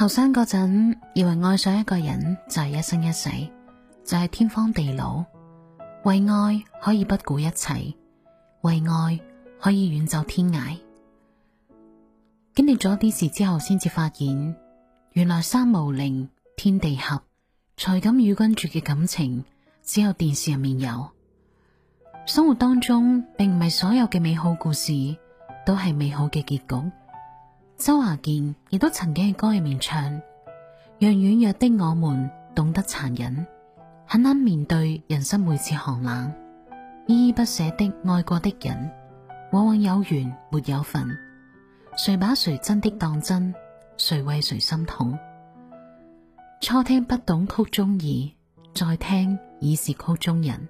後生嗰陣，以為愛上一個人就係一生一世，就係、是、天荒地老，為愛可以不顧一切，為愛可以遠走天涯。經歷咗啲事之後，先至發現，原來山無陵，天地合，才敢與君絕嘅感情，只有電視入面有。生活當中，並唔係所有嘅美好故事都係美好嘅結局。周華健亦都曾經喺歌入面唱，讓軟弱的我們懂得殘忍，狠狠面對人生每次寒冷，依依不捨的愛過的人，往往有緣沒有份，誰把誰真的當真，誰為誰心痛。初聽不懂曲中意，再聽已是曲中人。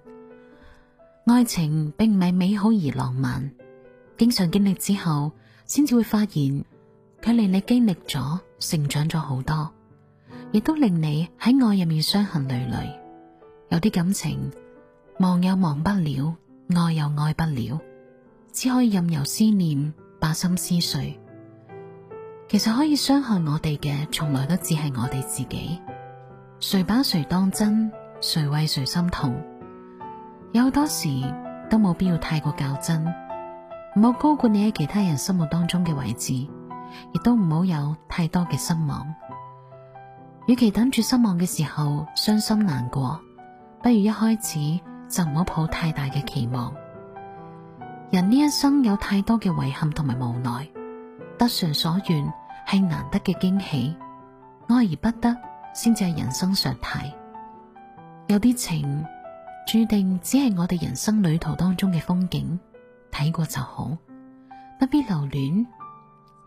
愛情並唔係美好而浪漫，經常經歷之後，先至會發現。佢令你經歷咗，成長咗好多，亦都令你喺愛入面傷痕累累。有啲感情忘又忘不了，愛又愛不了，只可以任由思念把心撕碎。其實可以傷害我哋嘅，從來都只係我哋自己。誰把誰當真，誰為誰心痛？有好多時都冇必要太過較真，唔好高估你喺其他人心目當中嘅位置。亦都唔好有太多嘅失望，與其等住失望嘅時候傷心難過，不如一開始就唔好抱太大嘅期望。人呢一生有太多嘅遺憾同埋無奈，得償所願係難得嘅驚喜，愛而不得先至係人生常態。有啲情注定只係我哋人生旅途當中嘅風景，睇過就好，不必留戀。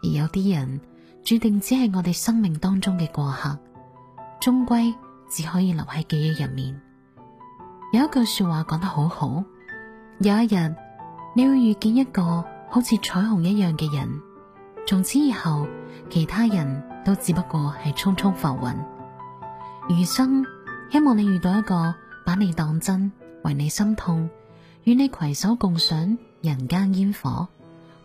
而有啲人注定只係我哋生命當中嘅過客，終歸只可以留喺記憶入面。有一句說話講得好好，有一日你會遇見一個好似彩虹一樣嘅人，從此以後，其他人都只不過係匆匆浮雲。餘生希望你遇到一個把你當真，為你心痛，與你攜手共賞人間煙火。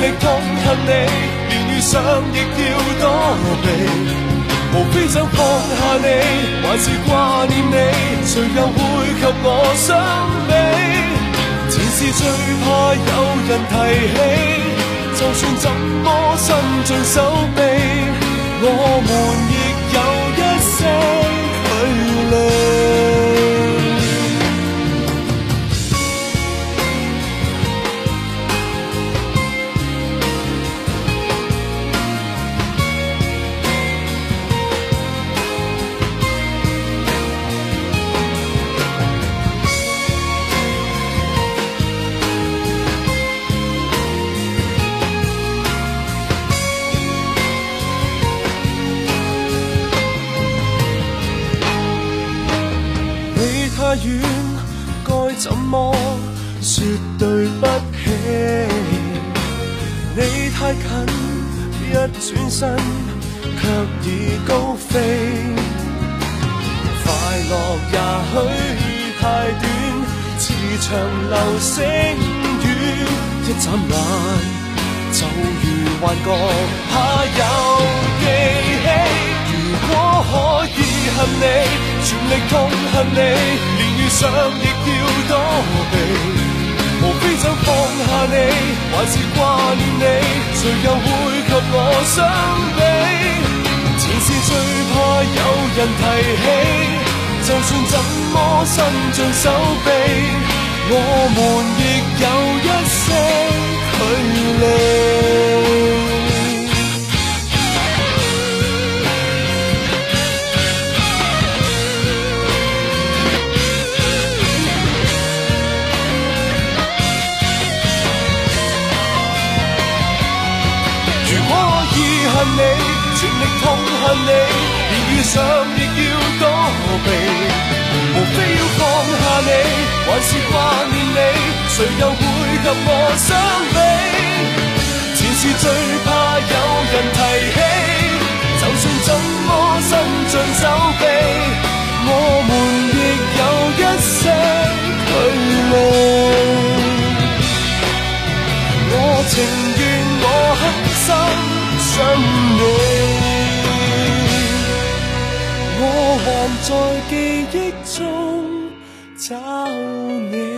力痛恨你，連遇上亦要躲避。無非想放下你，還是掛念你，誰又會及我傷悲？前事最怕有人提起，就算怎麼伸盡手臂，我們。遠該怎麼說對不起？你太近，一轉身卻已高飛。快樂也許太短，似長流星雨，一眨眼就如幻覺，你，全力痛恨你，連遇上亦要躲避。無非想放下你，還是掛念你，誰又會及我相比？前事最怕有人提起，就算怎麼伸盡手臂，我們亦。你全力痛恨你，連遇上亦要躲避，無非要放下你，還是掛念你，誰又會及我傷悲？前事最怕有人提起，就算怎麼伸盡手臂。但在記憶中找你。